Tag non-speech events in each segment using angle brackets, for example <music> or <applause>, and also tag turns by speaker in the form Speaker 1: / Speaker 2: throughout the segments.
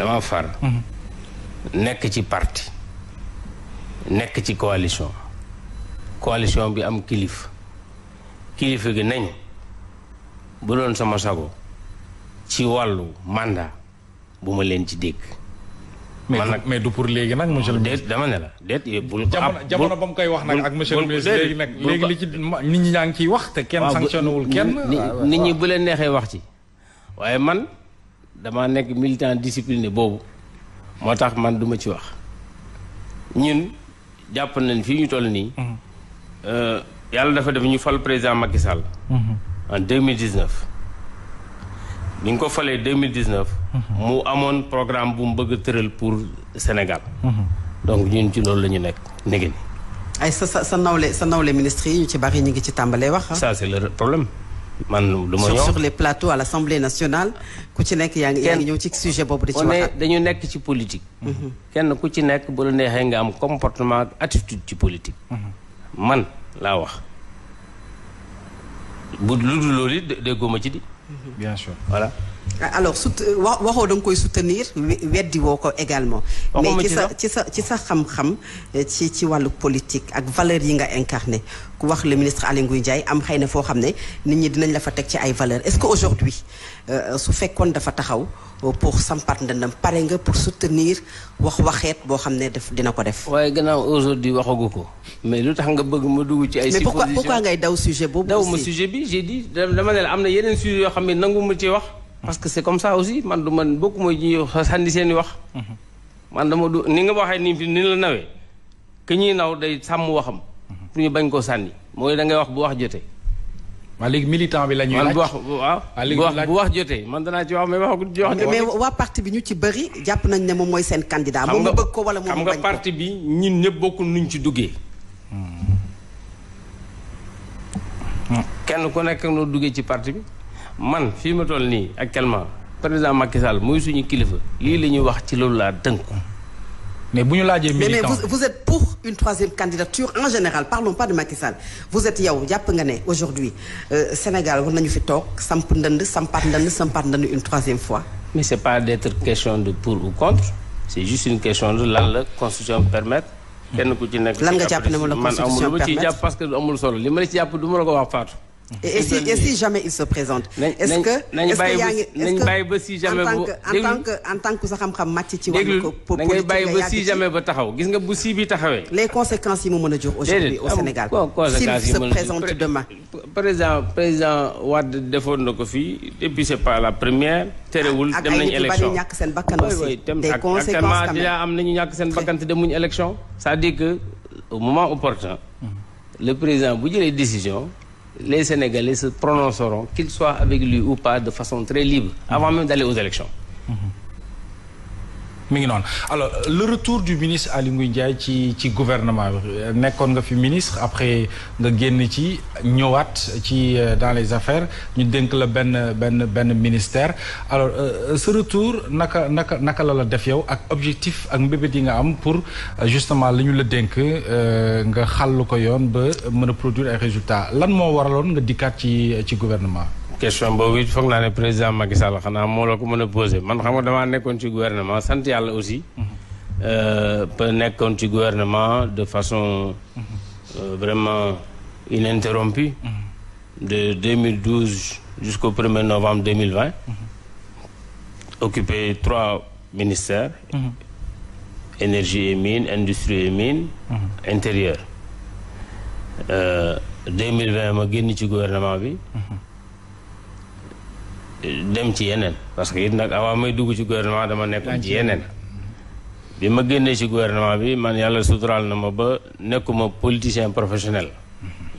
Speaker 1: dama far nekk ci parti nekk ci coalition coalition bi am kilif kilifa gi nañ bu doon sama sago ci wàllu mandat bu ma leen ci dégg man nag du pour léegi nag monsieur le dama ne la déet bul ko ab jamono ba mu koy wax nag ak monsieur le ministre léegi léegi li ci nit ñi ñaa ngi ciy wax te kenn sanctionné wul kenn nit ñi bu leen neexee wax ci waaye man dama nekk militant discipliné boobu moo tax man duma ci wax ñun jàpp nañ fii ñu toll nii mhm. euh, yàlla dafa def ñu fal président Macky Sall mhm. en 2019 ni nga ko falee 2019 mhm. mu amoon programme bu mu bëgg tëral pour Sénégal donc ñun ci loolu la ñu nekk néegi
Speaker 2: ay sa sa sa nawle sa nawle ministre yi ñu ci bari ñu ngi ci tàmbalee wax ça
Speaker 1: c'est le problème man du ma ñëw sur
Speaker 2: les plateaux à l' nationale ku ci nekk yaa ngi yaa ngi ñëw ci sujet boobu di ci waxaat
Speaker 1: dañu nekk ci politique mhm. kenn ku ci nekk bu la neexee nga am comportement ak attitude ci politique mhm. man laa wax bu lu dul loolu dégguma ci di
Speaker 3: mhm. bien sûr voilà
Speaker 1: alors su
Speaker 2: euh, waxoo da nga koy soutenir weddi woo ko également mais ci sa ci sa ci sa xam-xam euh, ci ci wàllu politique ak valeur yi nga incarné ku wax le ministre Aly Ngouille Ndiaye am xëy na foo xam ne nit ñi dinañ la fa teg ci ay valeur est-ce que aujourd'hui euh, su fekkoon dafa taxaw pour sampat ndëndam pare nga pour soutenir wax waxeet boo xam ne def dina ko
Speaker 1: def waaye gannaaw aujourd'hui waxagu ko mais lu tax nga bëgg ma dugg ci ay mais pourquoi pourquoi
Speaker 2: ngay daw sujet
Speaker 1: boobu daw ma sujet bi j'ai dit dama yeneen sujet yoo xam ne nangu ma ci wax parce que c'est comme ça aussi man du man bokk mooy ñuy sànni seen wax. man dama du ni nga waxee nii ni ni la nawee que ñuy naw day sàmm waxam. pour ñu bañ koo sànni mooy da ngay wax bu wax jotee.
Speaker 3: waa léegi militant bi la ñuy laaj wax waaw bu wax jotee man danaa ci wax mais wax
Speaker 2: ci wax. mais waa parti bi ñu ci bëri jàpp nañ ne moom mooy seen candidat. moom mu bëgg ko wala moom mu bañ
Speaker 1: ko xam nga parti bi ñun ñëpp bokkul nuñ ci duggee. Hmm. kenn ku nekk noo duggee ci parti bi. man fii ma toll nii actuellement président Macky Sall muy suñu kilifa lii la ñuy wax ci loolu laa tënku. mais bu ñu laajee militant mais
Speaker 2: vous êtes pour une troisième candidature en général parlons pas de Macky vous êtes yow jàpp nga ne aujourd'hui euh, Sénégal war nañu fi toog samp ndënd sampaat ndënd sampaat ndënd une troisième fois.
Speaker 1: mais c'est pas d'être question de pour ou contre c'est juste une question de lan la constitution permettre. kenn ku ci nekk et si et
Speaker 2: jamais il se présente. nañu bàyyi ba si jamais ba en tant que sa xam-xam ci wàllu bàyyi ba taxaw gis nga bu
Speaker 1: si bi taxawee.
Speaker 2: les conséquences yi mu mën a jur aujourd'hui au Sénégal. s'il se présente demain.
Speaker 1: président président Wade defoon na ko fii depuis c'est pas la première. terewul dem nañu élection ak ay nit seen bakkan aussi. des conséquences quand même am nañu seen bakkan te demuñu élection. cest dire que au moment opportun. Mm. le président bu jëlee décision. les Sénégalais se prononceront, qu'ils soient avec lui ou pas, de façon très libre, avant même d'aller aux élections. Mhm.
Speaker 3: mi ngi noonu alors le retour du ministre Aly Ngouille Ndiaye ci ci gouvernement bi euh, nekkoon nga fi ministre après nga génn ci ñëwaat ci euh, dans les affaires ñu dénk la benn benn benn ministère alors euh, ce retour naka naka naka la la def yow ak objectif ak mbébét yi nga am pour justement li ñu la dénk nga xàll ko yoon ba mën a produire ay résultats lan moo waraloon nga dikkaat ci ci gouvernement
Speaker 1: question boobu foog naa ne président Macky Sall xanaa moo la ko mën a posé man xam nga damaa nekkoon ci gouvernement sant yàlla aussi. Euh, nekkoon ci gouvernement de façon euh, vraiment ininterrompue. de 2012 jusqu'au 1er novembre 2020. occupé trois ministères. énergie et mines industrie et mines. intérieur. 2020 euh, ma génn ci gouvernement bi. dem ci yeneen parce que it nag avant may dugg ci gouvernement dama nekkoon ci yeneen bi ma génnee ci gouvernement bi man yàlla suturaal na ma ba nekkuma politicien professionnel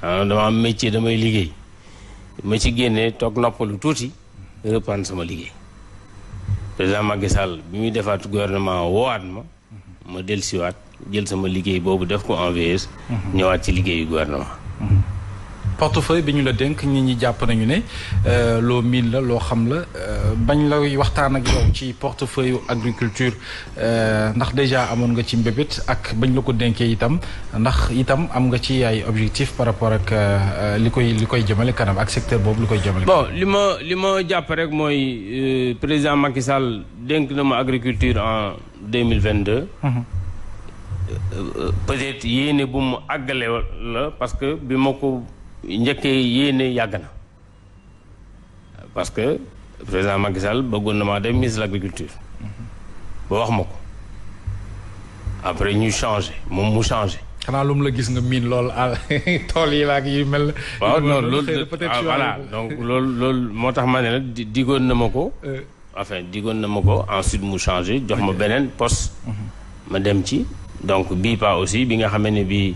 Speaker 1: maanaam ah, dama am métier damay liggéey ma ci génnee toog noppalu tuuti reprendre sama liggéey président Macky Sall bi muy defaat gouvernement woowaat ma ma dellusiwaat jël sama liggéey boobu def ko en veilleuse mhm. ñëwaat ci liggéeyu gouvernement
Speaker 3: portefeuille bi ñu la dénk nit ñi jàpp nañu ne euh, loo miin la loo xam la euh, bañ la waxtaan ak yow ci portefeuille agriculture euh, ndax déjà amoon nga ci mbébét ak bañ la ko dénkee itam ndax itam am nga ci ay objectif par rapport ak li koy li koy jëmale kanam ak secteur boobu li koy jëmale. bon
Speaker 1: li ma li ma jàpp rek mooy président Macky Sall dénk na ma agriculture en deux mille vingt deux mhm. peut-être yéene bu mu àggale la parce que bi ma ko. njëkkee yéene yàgg na parce que président Macky Sall bëggoon na maa dem ministre de l'agriculture ba wax ma ko après ñu changé moom mu changé. xanaa lu mu la gis nga miin lool ah, <laughs> tool yi laak yu mel. waaw ah, moo tax ma ne la diggoon na ma ko. Euh. enfin diggoon na ma ko ensuite mu changé jox ma beneen poste. Mhm. ma dem ci donc bii pas aussi bi nga xamee ne bii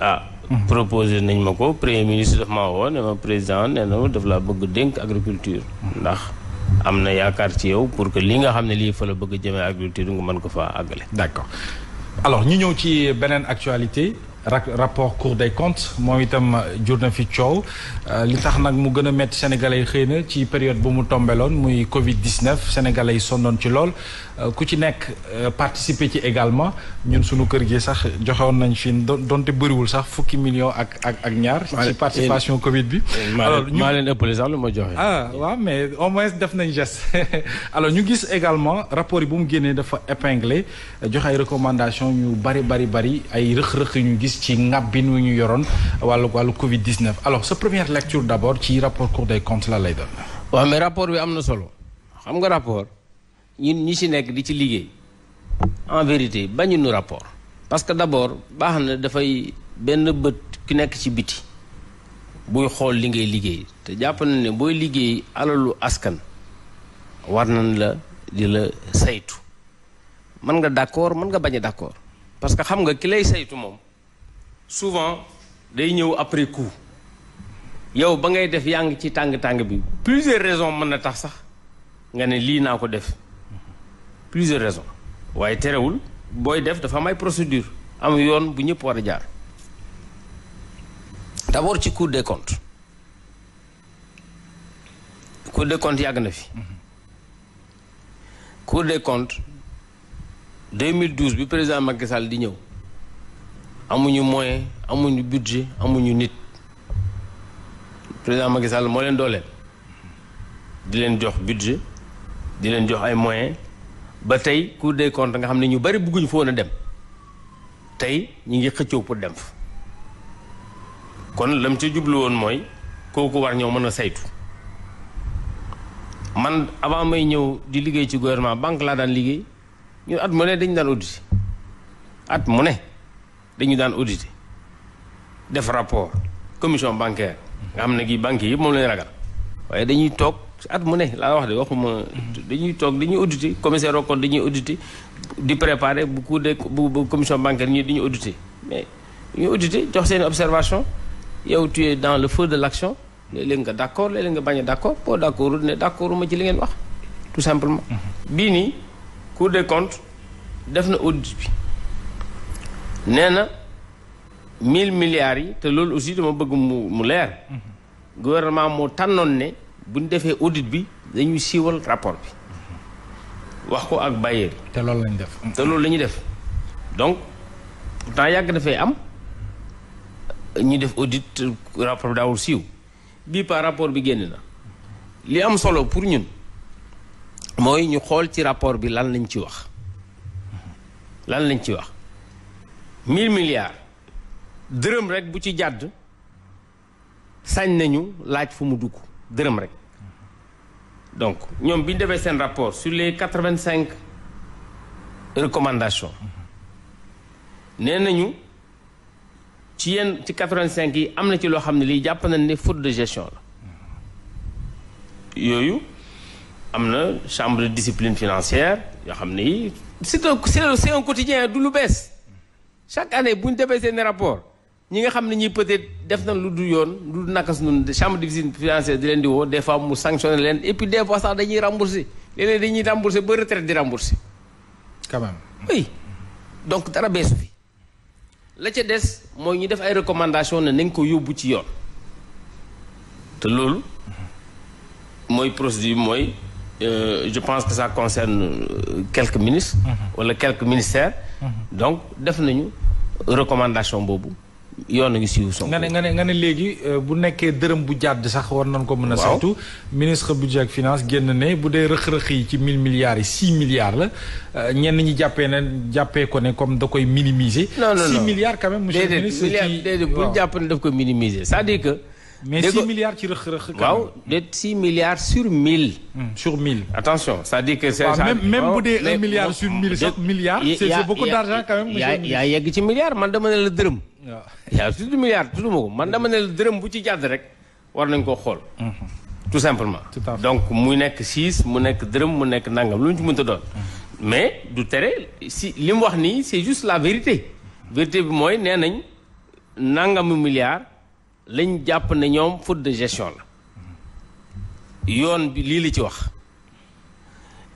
Speaker 1: ah, proposé nañ ma ko premier ministre daf maa ne ma président nee na daf laa bëgg dénk agriculture. ndax am na yaakaar ci yow pour que li nga xam ne lii fa la bëgg jëmee agriculture nga mën ko faa àggale. d'accord
Speaker 3: alors ñu ñëw ci beneen actualité. rapport Cour des comptes moom itam euh, jur na fi coow euh, li tax nag mu gën a métti sénégalais yi xëy na ci période bu mu tombeloon muy Covid 19 sénégalais yi sonnoon ci lool euh, ku ci nekk participer ci également ñun suñu kër gi sax joxewoon nañ fi donte bëriwul sax fukki million ak ak ak ñaar. ci participation Covid
Speaker 1: bi. alors ñu maa leen ëppale sax lu ma joxe.
Speaker 3: ah waaw mais au moins def nañ geste <laughs> alors ñu gis également rapport yi bu mu génnee dafa épinglé joxe ay recommandations yu bari bari bari ay rëq ñu gis. gis ci ngàbbin wu ñu yoroon wàllu wàllu Covid 19 alors sa première lecture d' abord ci rapport Cour des comptes la lay doon.
Speaker 1: waaw mais rapport bi am na solo xam nga rapport ñun ñi ci nekk di ci liggéey en vérité bañu nu rapport. parce que d' abord baax na dafay benn bët ki nekk ci biti buy xool li ngay liggéey te jàpp na ne booy liggéey alalu askan war nañ la di la saytu mën nga d' accord mën nga bañ a d' accord xam nga ki lay saytu moom. souvent day ñëw après coup yow ba ngay def yàng ci tàng-tàng bi plusieurs raisons mën na tax sax nga ne lii naa ko def plusieurs raisons waaye terewul booy def dafa may ay am yoon bu ñëpp war a jaar d'abord ci cour des comptes cour des comptes yàgg na fi cour de comptes 2012 bi président Macky Sall di ñëw amuñu moyen amuñu budget amuñu nit président Macky moo leen dooleel di leen jox budget di leen jox ay moyen ba tey Cour des comptes nga xam ne ñu bari bëgguñu fa a dem tey ñu ngi xëccoo pour dem fa kon lam ca jublu woon mooy kooku war ñoo mën a saytu man avant may ñëw di liggéey ci gouvernement banque laa daan liggéey ñu at mu ne dañ daan audit at mu ne dañu daan audité def rapport commission bancaire nga xam ne kii banque yëpp moom lañu ragal waaye dañuy toog at mu ne laa wax de waxuma dañuy toog dañuy audité commissaire au compte dañuy audité di préparer bu cour de bu commission bancaire ñi dañuy audité mais ñu audité jox seen observation yow tu dans le feu de l'action léeg nga d'accord léeg-léeg nga bañ a d'accord boo d'accord ne d'accord ma ci li ngeen wax tout simplement mhm. bii nii cour des comptes def na audit bi nee na mille milliards yi te loolu aussi dama bëgg mu mu leer. Mhm. gouvernement moo tànnoon ne bu ñu defee audit bi dañuy siiwal rapport bi wax ko ak bailleur
Speaker 3: te loolu lañu def.
Speaker 1: te loolu la ñuy def donc temps yàgg dafay am ñu def audit rapport bi daawul siiw bii par rapport bi génn na li am solo pour ñun mooy ñu xool ci rapport bi lan lañ ci wax lan lañ ci wax. mille milliards dërëm rek bu ci jàdd sañ nañu laaj fu mu dugg dërëm rek donc ñoom bi ñu seen rapport sur les quatre vingt cinq recommandations nee nañu ci yenn ci quatre vingt cinq yi am na ci loo xam ne lii jàpp nañ ne faute de gestion la yooyu am na chambre de discipline financière yoo xam ne yi c'est un c'est un quotidien du lu bees chaque année bu ñu defee seen rapport ñi nga xam ne ñi peut-être def na lu du yoon lu du nakas nun di difficile financière di leen di woo des fois mu sanctionné leen et puis des fois sax dañuy remboursé léeg-léeg dañuy remboursé ba retraite di remboursé quand donc dara beesu bi la ca des mooy ñu def ay recommandation ne nga ko yóbbu ci yoon te loolu mooy procédure mooy euh, je pense que ça concerne euh, quelque ministre mm-hmm. wala quelques ministère donc def nañu recommandation boobu yoon ngi siiw Sonko. nga
Speaker 3: ne nga ne nga ne léegi euh, bu nekkee dërëm bu jàdd sax war nañ ko mën a. saytu ministre budget ak finance génn ne bu dee rëq-rëq yi ci mill milliards yi six milliards la euh, ñenn ñi jàppee ne jàppee ko ne comme da koy minimiser. non non non six milliards quand même monsieur ministre. déedéet bu jàpp
Speaker 1: ne daf ko minimiser cest dire que. mais six milliards ci rëq-rëq. waaw de six milliards sur mille. Hmm. sur mille. attention c'est-à-dire que c'est ça même même bu dee un milliard sur milliards. c'est beaucoup d'argent quand ci milliard man dama ne la dërëm. waaw yaa tudd ko man dama ne la bu ci jàdd rek war nañ koo xool. Hmm. tout simplement. donc mu nekk six mu nekk dërëm mu nekk nangam lu mu ci mënta doon. Hmm. mais du tere si li wax nii c'est juste la vérité vérité bi mooy nee nañ nangamu milliard. lañ jàpp ne ñoom faute de gestion la yoon bi lii la ci wax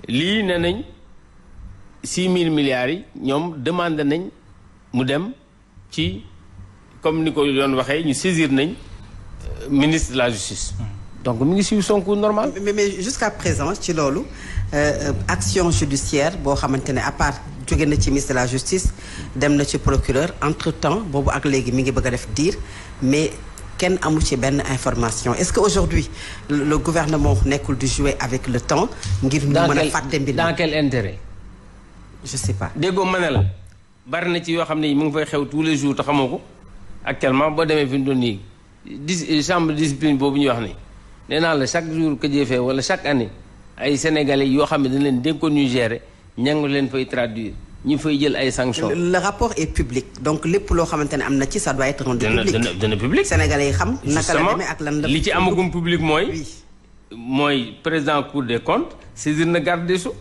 Speaker 1: lii ne nañ six mille milliards yi ñoom demandé nañ mu dem ci comme ni ko yoon waxee ñu saisir nañ euh, ministre de la justice.
Speaker 2: donc mi ngi suivre son cours normal. mais mais jusqu'à présent ci loolu euh, action judiciaire boo xamante ne à part jóge na ci ministre de la justice dem na ci procureur entre temps boobu ak léegi mi ngi bëgg a def diir mais. kenn amu ci benn information est-ce que aujourd'hui le gouvernement nekkul di jouer avec le temps ngir ñu mën a fàtte
Speaker 1: mbir dans quel intérêt je sais pas déggoo ma ne la bari na ci yoo xam ne mu ngi fay xew tous les jours te xamoo ko actuellement boo demee fi mu doon nii dis chambre discipline boobu ñuy wax ni nee naa la chaque jour que jëfee wala chaque année ay sénégalais yoo xam ne dañ leen dénkoon ñu gérer ña leen fay traduire ñu fay jël ay sanctions. le rapport est public
Speaker 2: donc lépp loo xamante ne am na ci ça doit être rendu public dana dana public. sénégalais yi xam naka la demee ak lan la. li ci
Speaker 1: amagum public mooy. mooy président cour des comptes saisir na garde des sceaux.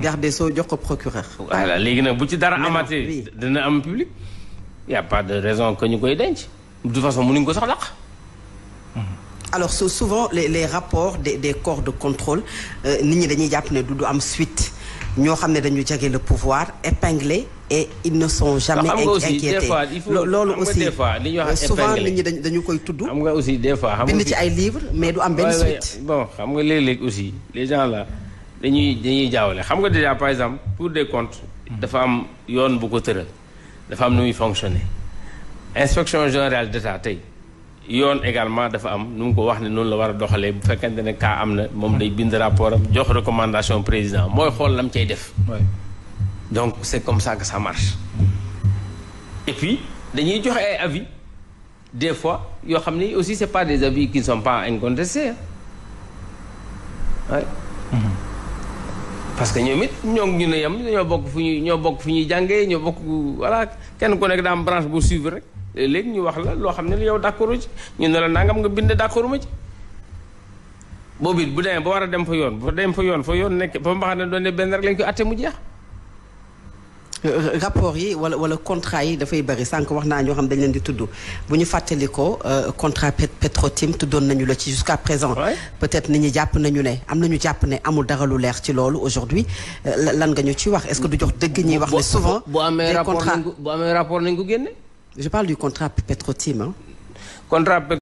Speaker 2: garde des sceaux jox ko procureur.
Speaker 1: voilà léegi nag bu ci dara amatee dana am public. y' a pas de raison que ñu koy denc de toute façon mënuñ ko sax laq.
Speaker 2: alors souvent les les rapports des des corps de contrôle euh, nit ñi dañuy jàpp ne du du am suite. ñoo xam ne dañu jege le pouvoir épinglé et ils ne sont jamais inquiétés loolu aussi euh, souvent nit ñi dañu
Speaker 1: koy tudd xam nga aussi des fois bind ci ay
Speaker 2: livres mais du am benn suite
Speaker 1: bon xam nga léeg-léeg aussi les gens la dañuy dañuy jaawale xam nga déjà par exemple pour des comptes dafa am yoon bu ko tëral dafa am nu muy fonctionner inspection générale d'État tey yoon également dafa am nu mu ko wax ne noonu la war a doxalee bu fekkente ne kaa am na moom day bind rapport am jox recommandation président mooy xool lam cay def donc c' comme ça que ça marche et puis dañuy joxe ay avis des fois yoo xam ne aussi c' est pas des avis qui ne sont pas incontestés ouais. Mm-hmm. parce que ñoom it ñoo ñu ne yam ñoo bokk fu ñuy ñoo bokk fu ñuy jàngee ñoo bokk voilà kenn ku nekk daa am branche bu suivre rek léegi ñu wax la loo xam ne yow d'accord ci ñu ne la nangam nga bind d'accord ma ci boobu bu demee ba war a dem fa yoon ba dem fa yoon fa yoon nekk ba ma xam doon ne benn rek lañ ko atte mu jeex.
Speaker 2: rapport yi wala wala contrat yi dafay bëri sànq wax naa ñoo xam dañ leen di tudd bu ñu fàttalikoo contrat Petrotim tuddoon nañu la ci a présent peut-être nit ñi jàpp nañu ne am nañu jàpp ne amul dara lu leer ci loolu aujourd'hui lan nga ñu ci wax est-ce que jox dëgg ñuy wax ne souvent bu amee
Speaker 1: rapport nañ
Speaker 2: ko génne Je parle du contrat Petrotim. Hein. Contrat